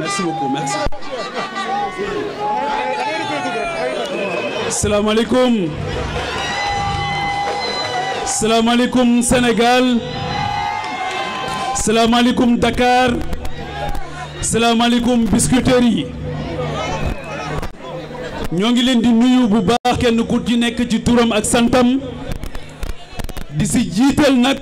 Merci beaucoup, merci. Salam alaikum. Salam alaikum Sénégal. Salam alaikum Dakar. Salam alaikum Biscuiterie. ñoo di nuyu bu baax kenn ku ci nekk ci turam ak santam di si jiital nag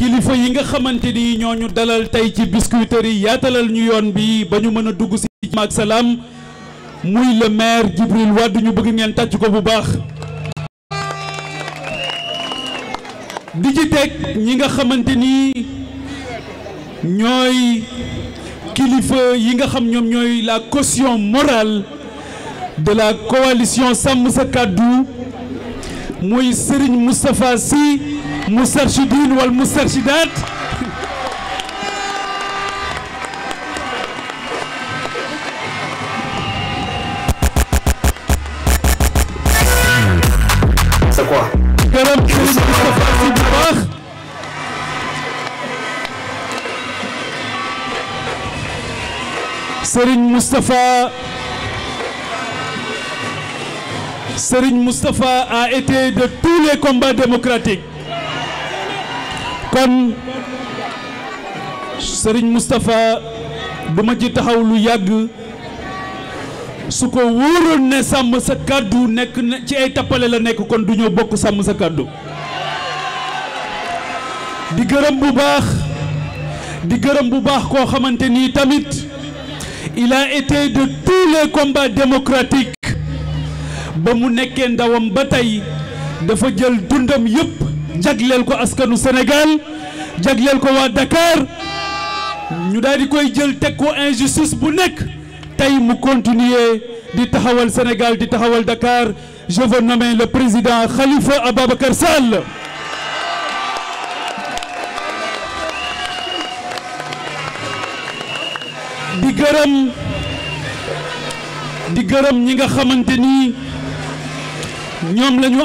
kilifa yi nga xamanteni ni dalal tay ci Biscuiterie yaatalal ñu yoon bi bañu mëna dugg si mak salam muy le maire Djibril Wade ñu bëgg ngeen tacc ko bu baax. di ci ñi nga xamanteni ñoy kilifa yi nga xam la caution morale de la coalition sam sa kaddu muy Serigne Moustapha mustarshidin moustache mustarshidat c'est quoi C'est quoi Moustapha Serigne Serigne Moustapha a été de tous les combats démocratiques kon Serigne Moustapha du ma ci taxaw lu yàgg su ko wóoroon ne sàmm sa kàddu nekk ci ay tappale la nekk kon du ñoo bokk sàmm sa kàddu di gërëm bu baax gërëm bu baax koo xamante ni tamit il a été de tous les combats ba mu nekkee ndawam ba tey dafa jël dundam yëpp jagleel ko askanu Sénégal jagleel ko waa Dakar ñu daal di koy jël teg ko injustice bu nekk tey mu continuer di taxawal Sénégal di taxawal Dakar je veux le président Khalifa Ababacar Sall. di gërëm di gërëm ñi nga xamante ni ñoom la ñu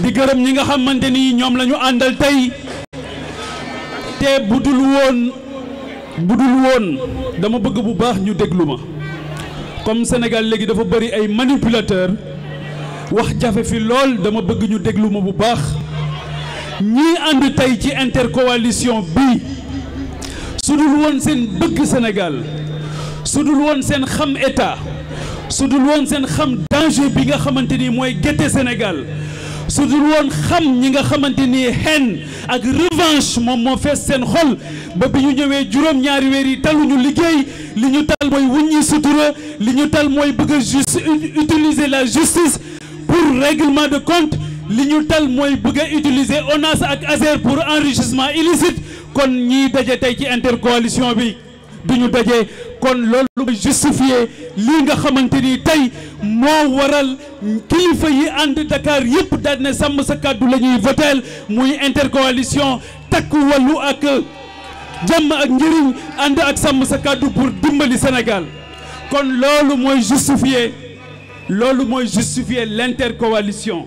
di gërëm ñi nga xamante ni ñoom andal ñu àndal tey te budul woon budul woon dama bëgg bu baax ñu déglu ma comme Sénégal léegi dafa bëri ay manipulateur wax jafe fi lool dama bëgg ñu déglu bu baax ñii ànd tey ci intercoalition bi su dul woon seen bëgg Sénégal su dul woon seen xam état su dul woon seen xam danger bi nga xamante ni mooy gete Sénégal su dul woon xam ñi nga xamanteni hen ak revanche mom mo sen xol ba ñaari taluñu liggéey tal sutura utiliser la justice pour règlement de compte liñu tal moy bëgg utiliser ONAS ak ASER pour enrichissement illicite kon ñi tay ci intercoalition bi kon loolu mooy justifier li nga xamanteni tay mo moo waral kilifa yi ànd Dakar yep dal ne sam sa kaddu lañuy ñuy voteel muy intercoalition takk walu ak jàmm ak ngirign ànd ak sam sa kaddu pour dimbali senegal kon loolu moy justifier loolu moy justifier l'intercoalition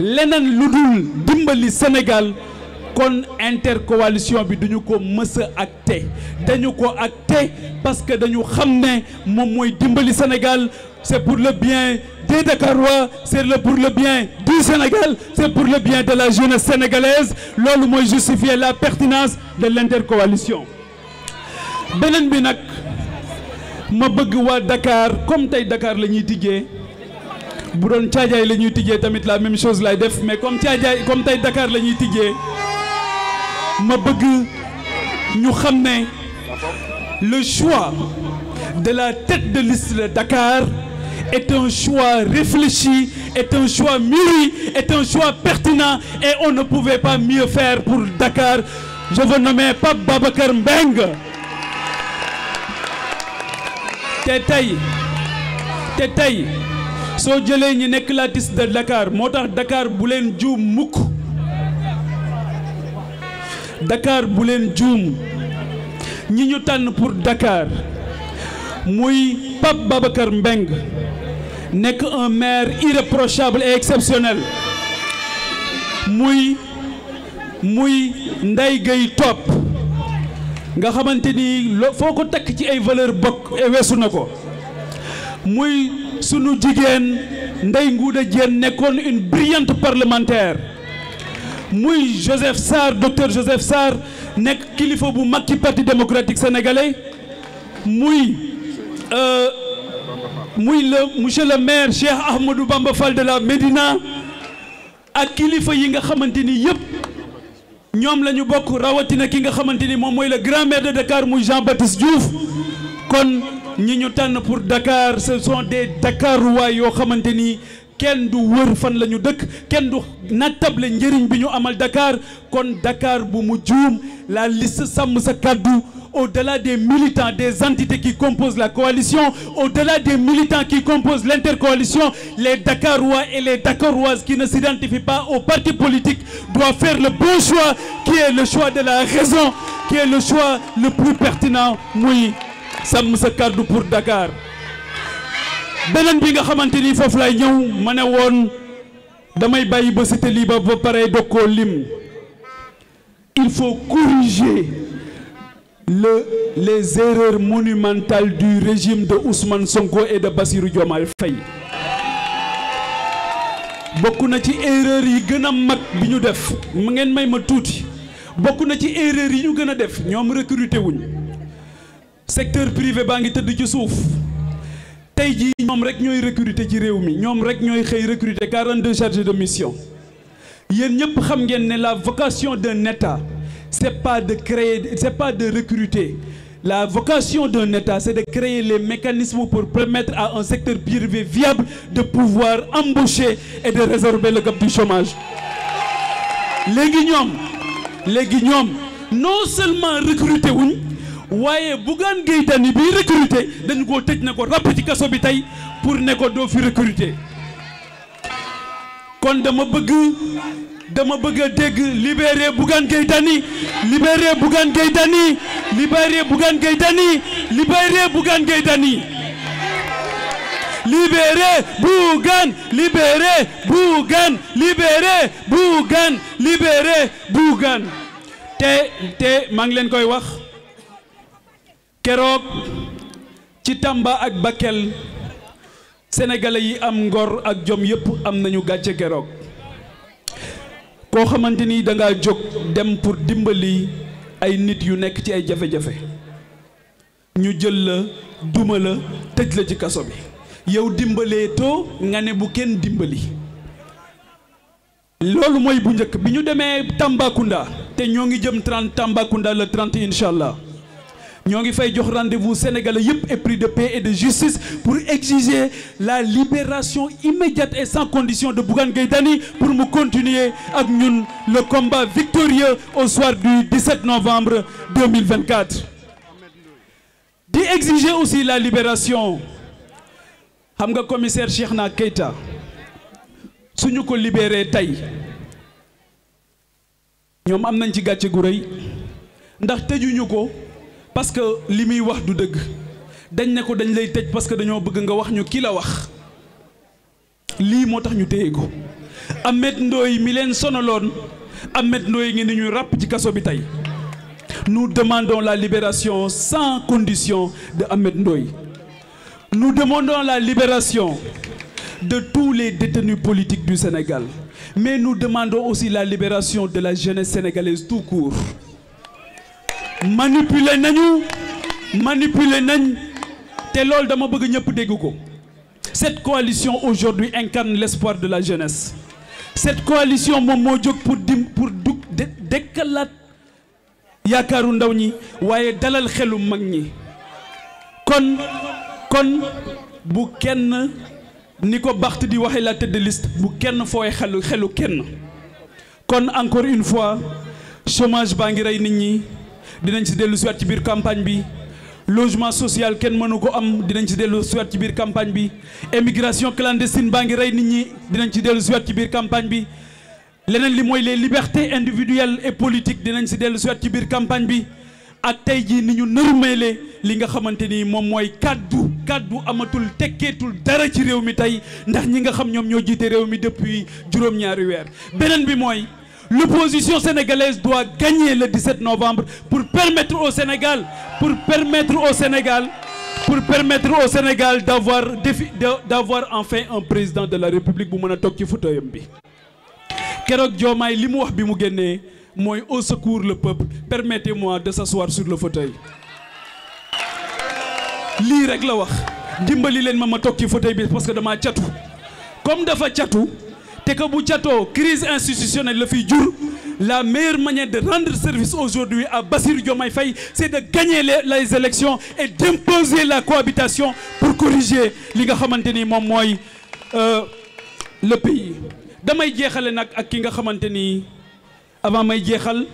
L'un ludul dimbali Sénégal kon intercoalition bi duñu ko meuse Nous acté dañu ko acté parce que dañu xamné que moy dimbali Sénégal c'est pour le bien des Dakarois c'est le pour le bien du Sénégal c'est pour le bien de la jeunesse sénégalaise l'homme moi justifier la pertinence de l'intercoalition beneen bi ma bëgg Dakar comme tay Dakar lañuy dit bu tiadjay la ñuy tamit la même chose lay def mais comme tiadjay comme tay Dakar la ñuy je ma bëgg ñu xamné le choix de la tête de liste de Dakar est un choix réfléchi est un choix mûri est un choix pertinent et on ne pouvait pas mieux faire pour Dakar je veux nommer Pape Babakar mbeng tay tay So jele ñi nek la de Dakar motax Dakar bu len juum Dakar bu len juum ñi ñu tan pour Dakar muy pap Babacar mbeng un maire irréprochable et exceptionnel muy muy Ndeye Top nga xamanteni ni pour ci ay eh, sunu jigéen Ndeye Ngouda Diène nekkoon une brillante parlementaire muy Joseph Sarr docteur Joseph Sarr n'est kilifa bu mag partie parti démocratique sénégalais muy euh, muy le monsieur le maire Cheikh Ahmadou Bamba Fall de la Médina ak kilifa yi nga xamanteni ni ñom lañu la rawati na ki nga xamanteni ni moy le grand maire de Dakar muy Jean Baptiste Diouf kon ñi ñu pour Dakar ce sont des Dakarois yo xamante kenn du fan la dëkk du natable bi amal Dakar kon Dakar bu mu la liste sam sa au-delà des militants des entités qui composent la coalition au-delà des militants qui composent l'intercoalition les Dakarois et les Dakaroises qui ne s'identifient pas au parti politique doivent faire le bon choix qui est le choix de la raison qui est le choix le plus pertinent oui sàmm sa kàddu pour Dakar benen bi nga xamanteni fofu lay ñew ma ne damay bàyyi ba cité liba ba ba doko lim il faut corriger le les erreurs monumentales du régime de Ousmane Sonko et de Bassirou Diomaye Faye bokku na ci erreur yi gëna mag biñu def ngeen may ma tuuti bokku na ci erreur yi ñu gëna def ñom recruter wuñu secteur privé banque teud ci souf tey jii rek ñoy recruter ci réew 42 chargés de mission yeen ne xam ngeen la vocation d'un état c'est pas de créer c'est pas de recruter la vocation d'un état c'est de créer les mécanismes pour permettre à un secteur privé viable de pouvoir embaucher et de résorber le gap du chômage Les guignols, les guignols, non seulement recruter wuñ waaye Bougane Gueye Dany bi recruté dañu ko tëj ne ko ràpp ci kaso bi tey pour ne ko doo fi recruté kon dama bëgg dama bëgg a dégg libéré Bougane Gueye Dany libéré Bougane Gueye Dany libéré Bougane Gueye Dany libéré Bougane Gueye Dany libéré te te maa ngi leen koy wax keroog ci Tamba ak Bakel sénégalais yi am ngor ak jom yépp am nañu gàcce keroog koo xamante ni da ngaa jóg dem pour dimbali ay nit yu nekk ci ay jafe ñu jël la duma la ci kaso bi yow dimbalee too nga bu kenn dimbali loolu mooy bu njëkk bi ñu demee Tambacounda te ñoo ngi jëm 30 Tambacounda le 30 incha allah Nous avons fay rendez-vous sénégalais et pris de paix et de justice pour exiger la libération immédiate et sans condition de Bougan Gaïtani pour nous continuer le combat victorieux au soir du 17 novembre 2024 D'exiger aussi la libération commissaire Cheikhna Keita suñu ko libéré parce que li muy wax du deug dañ ne ko dañ lay tej parce que dañoo bëgg nga wax ñu ki la wax li moo tax ñu téye Ahmed ndoy mi len Ahmed Ndoye ngi ni ñu rap ci kasso bi nous demandons la libération sans condition de Ahmed Ndoye nous demandons la libération de tous les détenus politiques du Sénégal mais nous demandons aussi la libération de la jeunesse sénégalaise tout court manipuler nañu manipuler nañ té de dama bëgg ñëpp dégg cette coalition aujourd'hui incarne l'espoir de la jeunesse cette coalition je mo pour dim pour ndaw dalal xelu kon kon bu kenn la tête liste bu kenn xelu xelu kon encore une fois chômage baa dinañ ci dellu siwaat ci biir campagne bi logement social kenn mënu ko am dinañ ci dellu siwaat ci biir campagne bi émigration clandestine baa ngi rey nit ñi dinañ ci dellu siwaat ci biir campagne bi leneen li mooy les libertés individuelles et politiques dinañ si dellu siwaat ci biir campagne bi ak tey ji ni ñu nërmeele li nga xamante ni moom mooy kàddu amatul tekkeetul dara ci réew mi tey ndax ñi nga xam ñoom ñoo jiite réew mi depuis juróom-ñaari weer beneen bi mooy L'opposition sénégalaise doit gagner le 17 novembre pour permettre au Sénégal, pour permettre au Sénégal, pour permettre au Sénégal d'avoir enfin un président de la République bu Toki a toog bi Diomaye li mu wax bi mu au secours le peuple permettez-moi de s'asseoir sur le fauteuil Li rek la wax dimbali leen ma ma sur le fauteuil parce que dama chatou, comme dafa chatou. Té que crise institutionnelle le fiy la meilleure manière de rendre service aujourd'hui à Bassirou Diomaye Faye c'est de gagner les, élections et d'imposer la cohabitation pour corriger li nga euh, le pays damay jeexale nag ak ki nga xamante avant may jeexal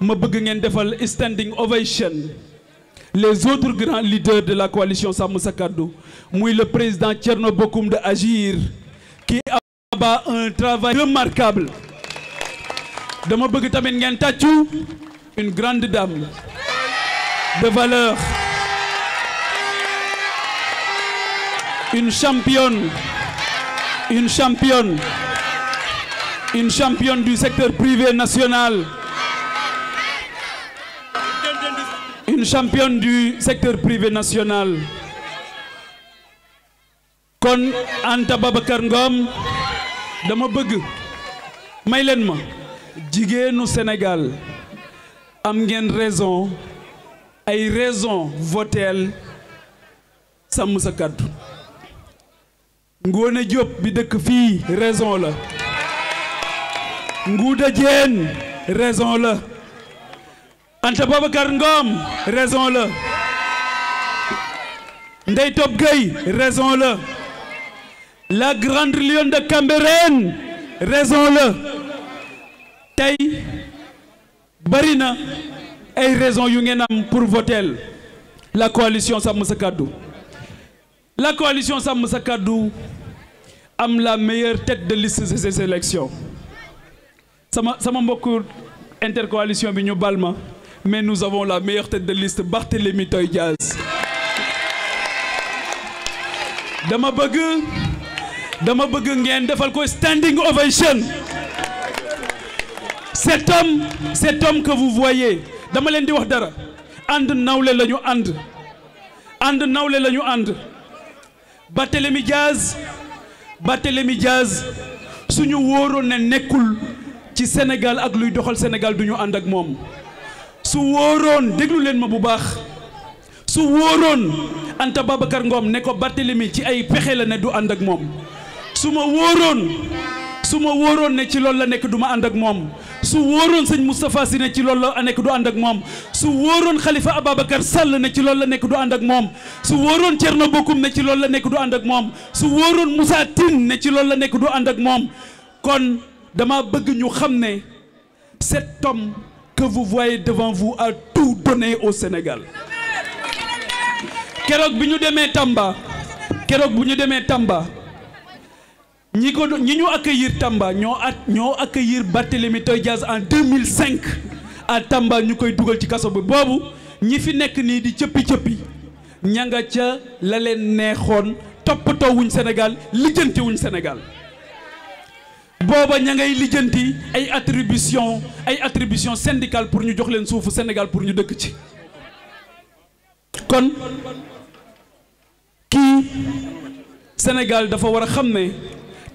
ma bëgg ngeen defal standing ovation les autres grands leaders de la coalition Sàmm Sa le président Thierno Bokoum de Agir qui un travail remarquable De bëgg tamit une grande dame de valeur une championne une championne une championne du secteur privé national une championne du secteur privé national kon Anta Babacar dama bëgg may leen ma jigéenu Sénégal am raison ay raison voteel sàmm sa kàddu Diop bi dëkk fii raison la Nguuda Dieng raison la Anta Babacar raison la Ndey Top raison la la grande lionne de Cameroun, raison-le Taï, Barina, et raison yu pour voter la coalition Samusakadou. la coalition Samusakadou a la meilleure tête de liste de ces élections Ça m'a beaucoup intercoalition bi ñu Balma, mais nous avons la meilleure tête de liste Barthélémy Toyaz. dama bëgg ngeen defal ko standing ovation cet homme cet homme que vous voyez dama leen di wax dara ànd nawle lañu ànd ànd nawle lañu ñu ànd Barthélémy Diaz Barthélémy Diaz suñu wóoroon ne nekkul ci senegal ak luy doxal senegal du ñu ànd ak moom su wóoroon déglu leen ma bu baax su wóoroon Anta Babacar ngoom ne ko Barthélémy ci ay pexe la ne du ànd ak moom su ma wóoroon su ma wóoroon ne ci loolu la nek du ma ànd ak moom su wóoroon sëñ mustapha Sy ne ci loolu la nek du ànd ak su wóoroon Khalifa Ababacar Sall ne ci loolu la nek du ànd ak moom su wóoroon Thierno Bocoum ne ci loolu la nek du ànd ak moom su wóoroon Moussa tin ne ci loolu la nek du ànd ak kon dama bëgg ñu xamné cet homme que vous voyez devant vous a tout donné au Sénégal kérok bi ñu demee Tamba kérok bu ñu demee Tamba ñi ko ñi ñu accueillir Tamba ñoo at ñoo accueillir Barthélemy Toye Dias en 2005 à Tamba ñu koy dugal ci kaso bi boobu ñi fi nekk nii di cëppi cëppi ña nga ca la leen neexoon toppatoo wuñ Sénégal lijjanti wuñ Sénégal booba ña ngay lijjanti ay atribution ay attribution syndicale pour ñu jox leen suufu Sénégal pour ñu dëkk ci kon kii Sénégal dafa war a xam ne.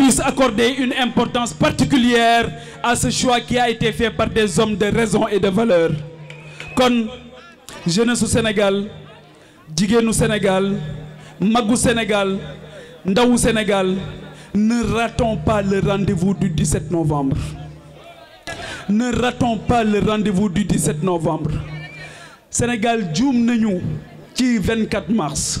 puisse accorder une importance particulière à ce choix qui a été fait par des hommes de raison et de valeur Comme jeunesse au Sénégal au Sénégal Magou Sénégal ndawu Sénégal ne ratons pas le rendez-vous du 17 novembre ne ratons pas le rendez-vous du 17 novembre Sénégal sommes nañu le 24 mars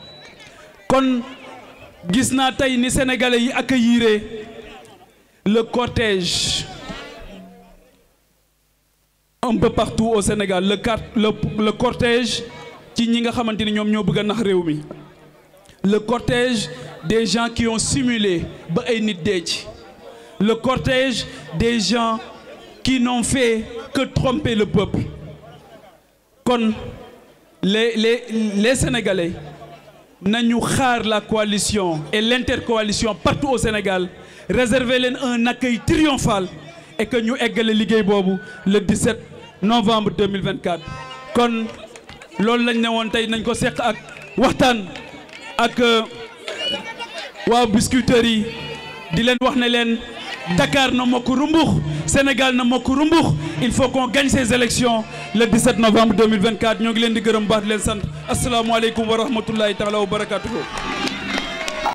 kon gis ni sénégalais yi le cortège un peu partout au Sénégal le le cortège ci a le cortège des gens qui ont simulé le cortège des gens qui n'ont fait que tromper le peuple Comme les les les Sénégalais. Nous xaar la coalition et l'intercoalition partout au Sénégal réservé un accueil triomphal et que nous eggale liguey bobu le 17 novembre 2024 kon avons lañ ne tay faire nañ ko à ak waxtan ak euh, wa biscuiterie di wax ne Dakar na moko rumbux Sénégal na moko il faut qu'on gagne ces élections le 17 novembre 2024 ñoo ngi leen di gërëm baax wa rahmatullahi taala wa barakatuhu